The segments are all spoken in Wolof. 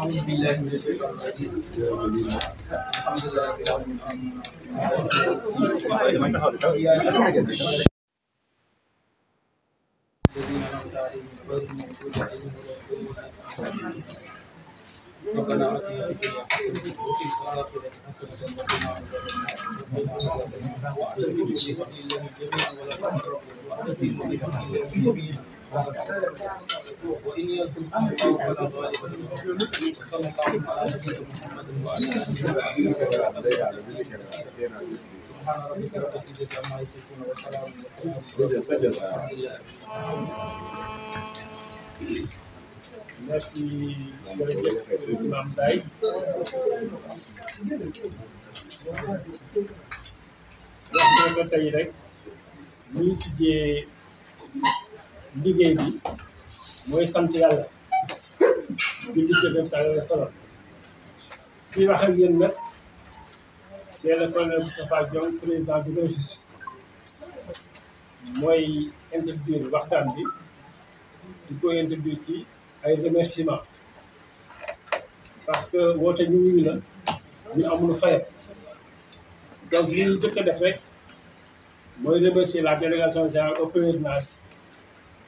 أعوذ بالله من الشيطان الرجيم الحمد لله رب العالمين الذين أنعمت عليهم غير المغضوب عليهم ربنا آتنا في الدنيا حسنة وفي الآخرة حسنة وقنا عذاب النار واعتصموا بحبل الله جميعا ولا تفرقوا واعتصموا بحبل الله جميعا Merci, Mme Daï. Merci, Mme Daï. Merci, Mme Daï. liguey bi moy sante yalla di di jëfee saa yore sabab fii wax ak yéen nag c'est le colonel Moustapha Dione président du ROCRIS moy introduire waxtan bi di ko introduire ci ay remerciements parce que wote ñu ñu la ñu amul fayet donc ñu jëk def rek mooy remercier la délégation générale au pèlerinage.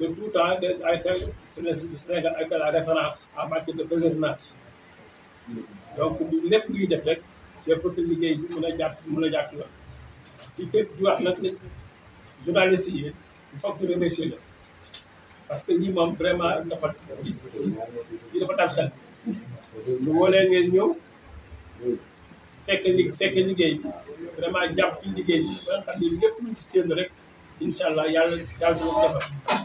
de tout temps de ay tel Sénégal ak la référence en matière de pèlerinage donc lépp luy def rek c'est pour que liggéey bi a jàpp mën a jàpp yoon di tëb di wax nag journaliste yi il faut que remercier la parce que lii moom vraiment dafa lii dafa dal xel lu woolee ngeen ñëw fekk li fekk liggéey bi vraiment jàpp ci liggéey bi ba nga xam ne rek incha allah yàlla yàlla dina ko defal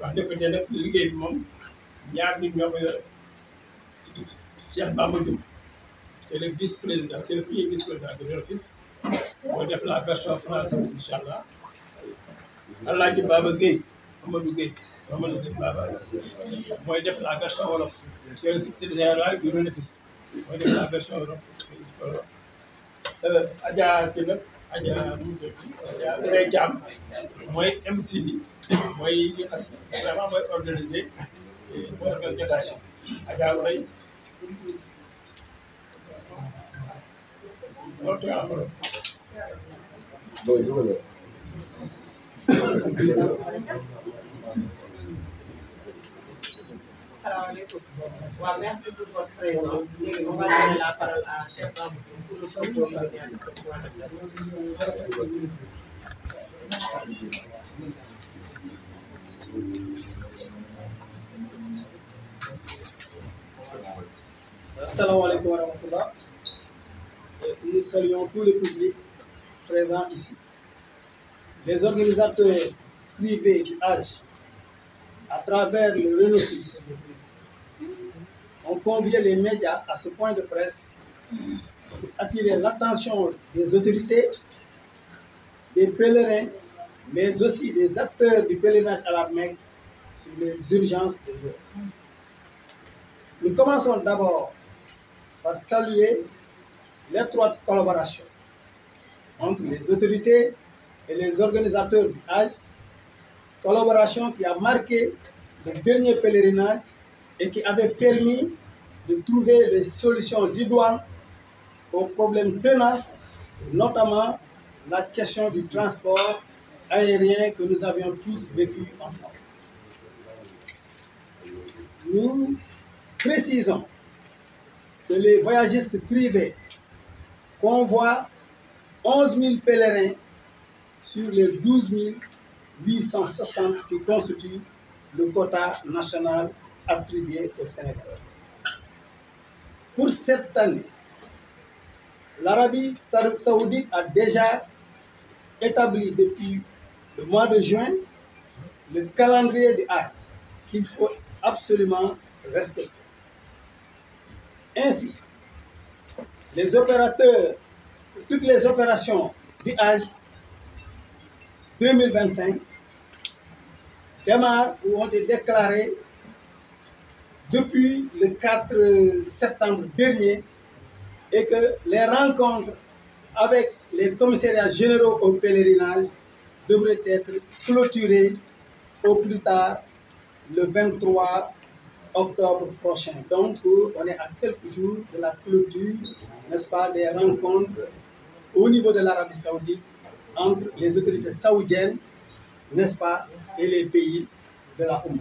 wax dëgg te liggéey bi moom ñaar nit ñoo ko yore Cheikh Bamba est le vice président c' le premier vice président de l'office moo def la version française incha allah Alaaji Baba Guèye Amadou Guèye Amadou Guèye Baba mooy la version wolof c' est le secrétaire général du la version wolof euh, Adja kii nag. Adja Moussa Adja Ndeye mooy MC bi mooy vraiment mooy organiser mooy organisation Adja Mbaye loolu merci pour votre présence. on va donner la parole à Nous saluons tous les publics présents ici. Les organisateurs privés du à travers le on convient les médias à ce point de presse pour attirer l'attention des autorités, des pèlerins, mais aussi des acteurs du pèlerinage à la Mecque sur les urgences de l'heure. Nous commençons d'abord par saluer l'étroite collaboration entre les autorités et les organisateurs du Hajj, collaboration qui a marqué le dernier pèlerinage et qui avait permis de trouver les solutions idoines aux problèmes tenaces, notamment la question du transport aérien que nous avions tous vécu ensemble. Nous précisons que les voyagistes privés convoient 11 000 pèlerins sur les 12 860 qui constituent le quota national attribué au Sénégal. Pour cette année, l'Arabie saoudite a déjà établi depuis le mois de juin le calendrier du Hajj qu'il faut absolument respecter. Ainsi, les opérateurs, toutes les opérations du Hajj 2025 démarrent ou ont été déclarées depuis le 4 septembre dernier et que les rencontres avec les commissariats généraux au pèlerinage devraient être clôturées au plus tard le 23 octobre prochain. Donc, on est à quelques jours de la clôture, n'est-ce pas, des rencontres au niveau de l'Arabie saoudite entre les autorités saoudiennes, n'est-ce pas, et les pays de la Oumou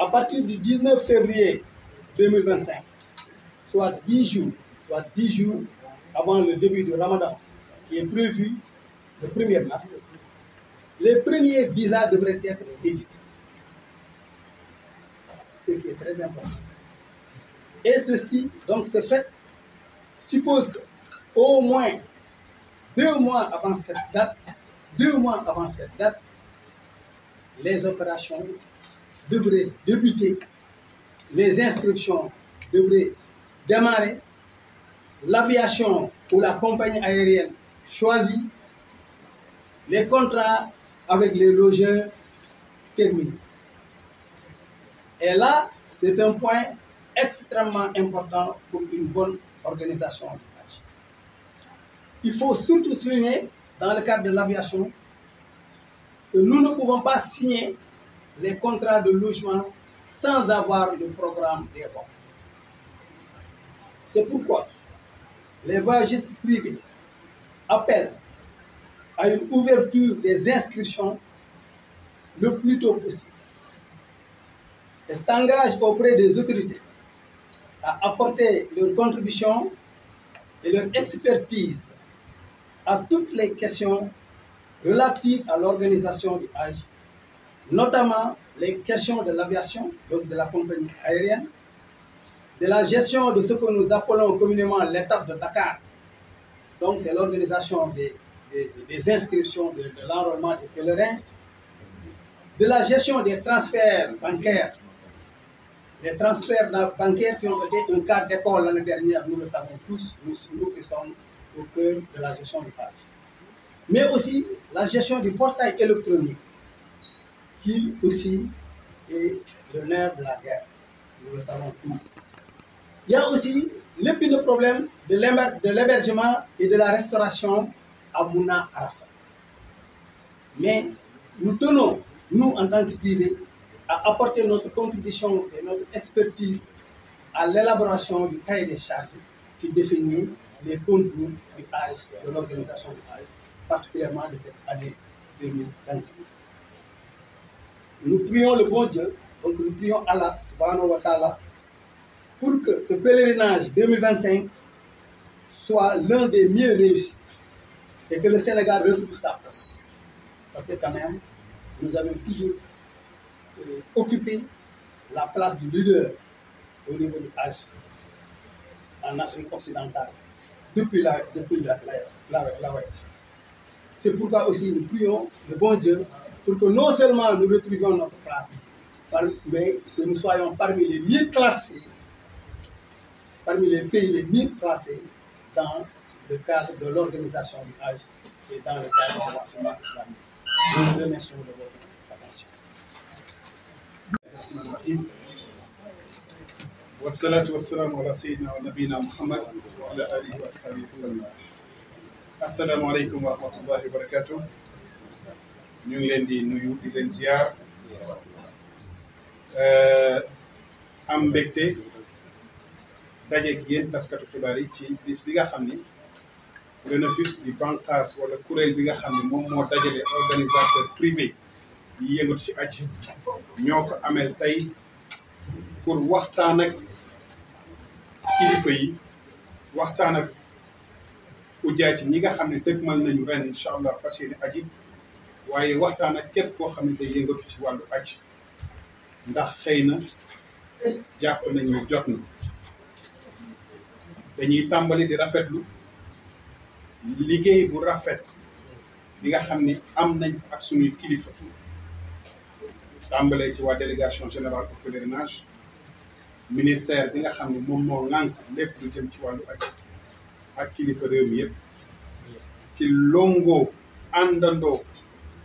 à partir du 19 février 2025, soit 10 jours, soit 10 jours avant le début du Ramadan, qui est prévu le 1er mars, les premiers visas devraient être édités. Ce qui est très important. Et ceci, donc ce fait, suppose qu'au moins deux mois avant cette date, deux mois avant cette date, les opérations devrait débuter, les inscriptions devraient démarrer, l'aviation ou la compagnie aérienne choisie, les contrats avec les logeurs terminés. Et là, c'est un point extrêmement important pour une bonne organisation du match. Il faut surtout souligner, dans le cadre de l'aviation, que nous ne pouvons pas signer les contrats de logement sans avoir de programme d'effort. C'est pourquoi les vagistes privés appellent à une ouverture des inscriptions le plus tôt possible et s'engagent auprès des autorités à apporter leur contribution et leur expertise à toutes les questions relatives à l'organisation du âge notamment les questions de l'aviation, donc de la compagnie aérienne, de la gestion de ce que nous appelons communément l'étape de Dakar. Donc c'est l'organisation des, inscriptions, de, l'enrôlement des pèlerins, de la gestion des transferts bancaires. Les transferts bancaires qui ont été un cas d'école l'année dernière, nous le savons tous, nous, nous qui sommes au cœur de la gestion des pages. Mais aussi la gestion du portail électronique qui aussi est le nerf de la guerre. Nous le savons tous. Il y a aussi le plus de problèmes de l'hébergement et de la restauration à Mouna Arafat. Mais nous tenons, nous en tant que privés, à apporter notre contribution et notre expertise à l'élaboration du cahier des charges qui définit les contours du âge de l'organisation du âge, particulièrement de cette année 2025. Nous prions le bon Dieu, donc nous prions Allah, subhanahu wa ta'ala, pour que ce pèlerinage 2025 soit l'un des mieux réussis et que le Sénégal retrouve sa place. Parce que quand même, nous avons toujours occupé la place du leader au niveau du H en Afrique occidentale depuis la, depuis la, la, la, C'est pourquoi aussi nous prions le bon Dieu pour que non seulement nous retrouvions notre place, mais que nous soyons parmi les mieux classés, parmi les pays les mieux classés dans le cadre de l'organisation du Hajj et dans le cadre de l'enseignement islamique. Nous vous remercions de votre attention. Assalamu ñu ngi leen di nuyu di leen ziar euh, am mbégte dajeeg yéen taskatu xibaar yi ci bis bi nga xam ni RENAFIS di bànqaas wala kuréel bi nga xam ne moom moo dajale organisateur privé yi yëngatu ci aj ñoo ko ameel tey pour waxtaan ak kilifa yi waxtaan ak ujaa ci ñi nga xam ne man nañu ren incha allah fas aji waaye waxtaan ak képp koo xam ni day yëngatu ci wàllu pàcc ndax xëy na jàpp nañu jot na dañuy tàmbali di rafetlu liggéey bu rafet bi nga xam ni am nañ ak suñuy kilifa tàmbalee ci waa délégation général au pèlerinage ministère bi nga xam ne moom moo ŋànk lépp lu jëm ci wàllu pàcc ak kilifa réew mi ci longoo àndandoo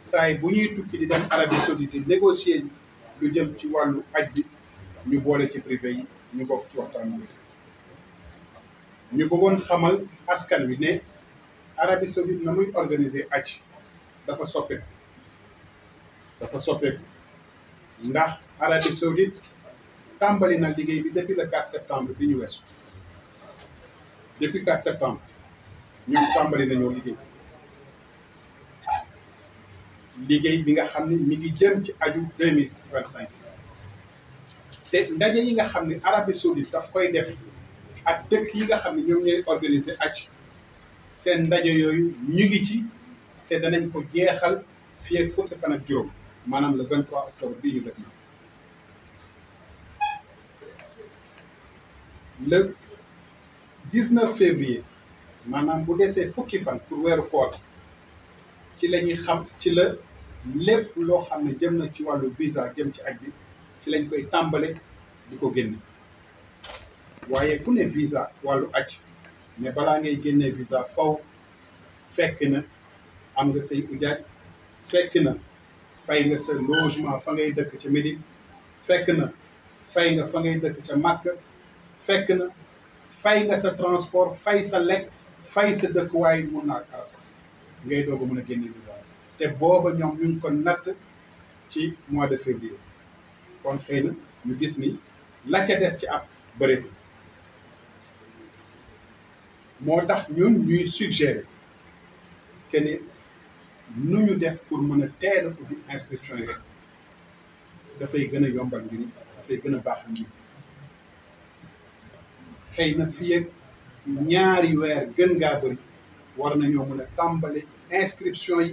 saay bu ñuy tukki di dem Arabie Saoudite négocier lu jëm ci wàllu aj bi ñu boole ci privé yi ñu bokk ci waxtaan bi ñu bëggoon xamal askan wi ne Arabie Saoudite na muy organiser aj dafa soppeeku dafa soppeeku ndax Arabie Saoudite tambali na liggéey bi depuis le 4 septembre biñu wessu depuis 4 septembre tambali tàmbali nañoo liggéey liggéey bi nga xam ne mi ngi jëm ci aju deux mille vingt cinq te ndaje yi nga xam ne Arabie Saoudite daf koy def ak dëkk yi nga xam ne ñoom ñooy organiser aj seen ndaje yooyu ñu ngi ci te danañ ko jeexal fii ak fukki fan juróom maanaam le vingt trois octobre bii ñu def na le dix neuf février maanaam bu desee fukki fan pour weeru koor ci la ñuy xam ci la lépp loo xam ne jëm na ci wàllu visa jëm ci aj bi ci lañ koy tàmbale di ko génne waaye ku ne visa wàllu aj mais balaa ngay génne visa faw fekk na am nga say ujaaj fekk na fay nga sa logement fa ngay dëkk ca Médine fekk na fay nga fa ngay dëkk ca Makka fekk na fay nga sa transport fay sa lekk fay sa dëkkuwaay mun naa ak Arafat ngay doog a mën a génne visa te booba ñoom ñu ngi ko natt ci mois de février kon xëy na ñu gis ni la ca des ci ab bëri moo tax ñun ñuy suggérer que ni nu ñu def pour mën a teel a inscription yi rek dafay gën a yombal mbir dafay gën a baax mbir xëy na fii ak ñaari weer gën ngaa bëri war nañoo mën a tàmbali inscription yi.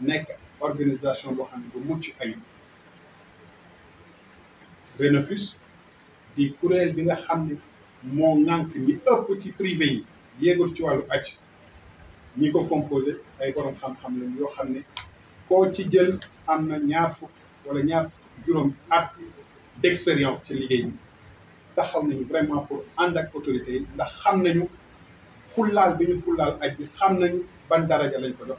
nek organisation bo xam bu mucc ayib Renafus di kuréel bi nga xam mo ngank ni ñi ëpp ci privé yi yéegul ci walu acc ni ko composé ay borom xam-xam lañu yo xam ko ci jël amna ñaar fu wala ñaar fukk juróom at d'expérience ci liggéey bi taxaw nañu vraiment pour ànd ak autorité yi ndax xam nañu fullaal bi ñu fullaal aj bi xam nañu ban daraja lañ ko jox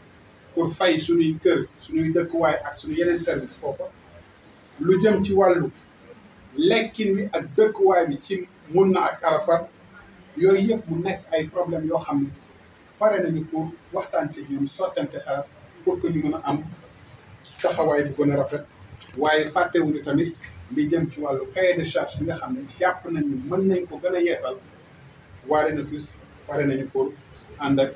pour fay suñuy kër suñuy dëkkuwaay ak suñu yeneen service foofa lu jëm ci wàllu lekkin bi ak dëkkuwaay bi ci mun na ak Arafat yooyu yëpp mu nekk ay problème yoo xam ne pare nañu pour waxtaan ci ñoom sottante xalaat pour que ñu mën a am taxawaay bu gën rafet waaye fàttewuñu tamit li jëm ci wàllu cahier de charge bi nga xam ne jàpp nañu mën nañ ko gën a yeesal waare na fis pare nañu pour ànd ak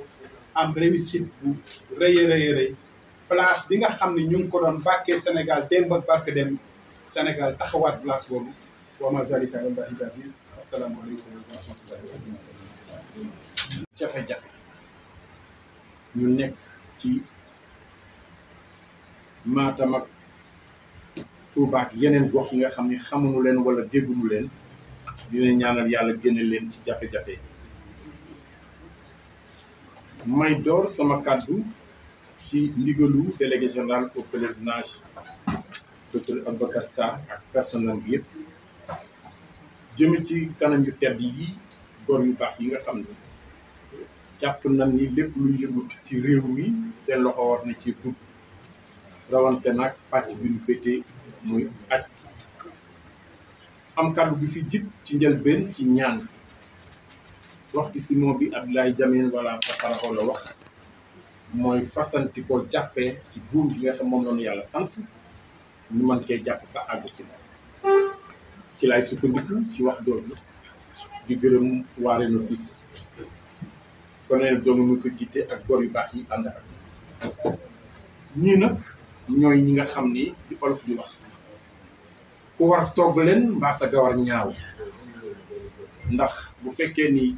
am réussite bu rëy a rëy rëy bi nga xam ne ñu ngi ko doon bàkkee Sénégal démb ak barke dem Sénégal taxawaat place boobu wa ma zalika alallahi bi aziz asalaamaaleykum wa rahmatullahi wa barakatuh jafe ñu nekk ci Matam ak Touba yeneen gox yi nga xam ni xamuñu leen wala dégguñu leen dina ñaanal yàlla génne leen ci jafe-jafe may door sama kàddu ci ndigalu délégué général au pèlerinage docteur Aboubacar Sarr ak personnel bi yëpp jëme ci kanam yu tedd yi góor yu baax yi nga xam ne jàpp nañ ni lépp lu yëngut ci réew mi seen loxo war na ci dugg rawante nag pàcc bi ñu féete muy aj am kàddu gi fi jib ci njëlbeen ci ñaan wax si moom bi Abdoulaye Jamil wala Fatalakho la wax mooy fasanti ko jàppee ci buum bi nga xam moom noonu yàlla sant ñu man cee jàpp ba àgg ci moom ci ci wax doogu di gërëm waa Rénofis colonel Diome mi ko jiite ak góor yu baax yi ànd ak ñii nag ñooy ñi nga xam ni di olof di wax ku war togg leen mbaa sa gawar ñaaw ndax bu fekkee ni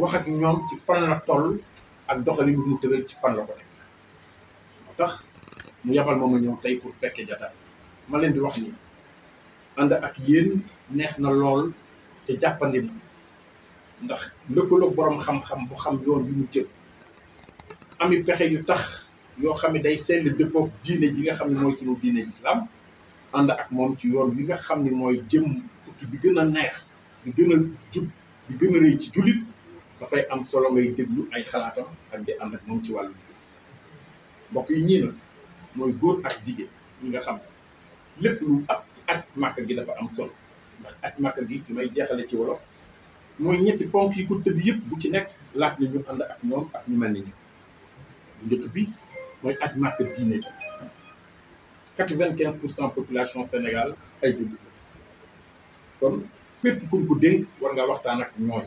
wax ak ñoom ci fan la toll ak doxalin yu mu tëral ci fan la ko teg moo tax mu yabal ma ma ñëw tey pour fekkee jataay ma leen di wax nii ànd ak yéen neex na lool te jàppandi na ndax lëkkaloog boroom xam-xam bu xam yoon yu mu jëm ami pexe yu tax yoo xam ne day sell dëppoog diine ji nga xam ne mooy sunu diine lislaam ànd ak moom ci yoon bi nga xam ni mooy jëm tukki bi gën a neex bi gën a jub bi gën a rëy ci jullit dafay am solo ngay déglu ay xalaatam ak di ànd ak moom ci wàllu liggéey mbokk yi ñii nag mooy góor ak jigéen yi nga xam lépp lu ak ak màkk gi dafa am solo ndax ak màkk gi fi may jeexale ci wolof mooy ñetti ponk yi ko tëdd yëpp bu ci nekk laaj na ñu ànd ak ñoom ak ñu mel ni ñu bu njëkk bi mooy ak màkk diine bi quatre-vingt-quinze pour cent population Sénégal ay jullit kon képp kuñ ko dénk war nga waxtaan ak ñooy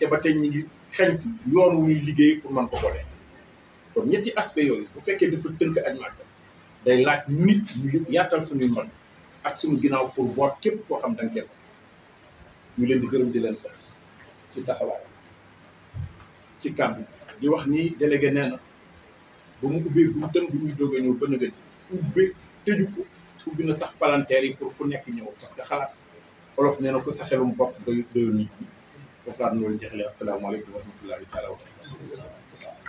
te ba tey ñi ngi xeñtu yoon wu ñuy liggéey pour mën ko boole kon ñetti aspect yooyu bu fekkee dafa tënk ak màggal day laaj nit ñu yaatal suñuy man ak suñu ginnaaw pour boot képp koo xam da nga leen di gërëm di leen sax ci taxawaay ci kàddu di wax nii délégué nee na ba mu ubbee buntam bi muy doog a ñëw ba nga ubbe tëju ko ubbi na sax palanteer yi pour ku nekk ñëw parce que xalaat olof nee na ko sa xelum bopp doyul doyul nit foofu laa doon jaxle asalaamaaleykum wa rahmatullahi taala wa barakatu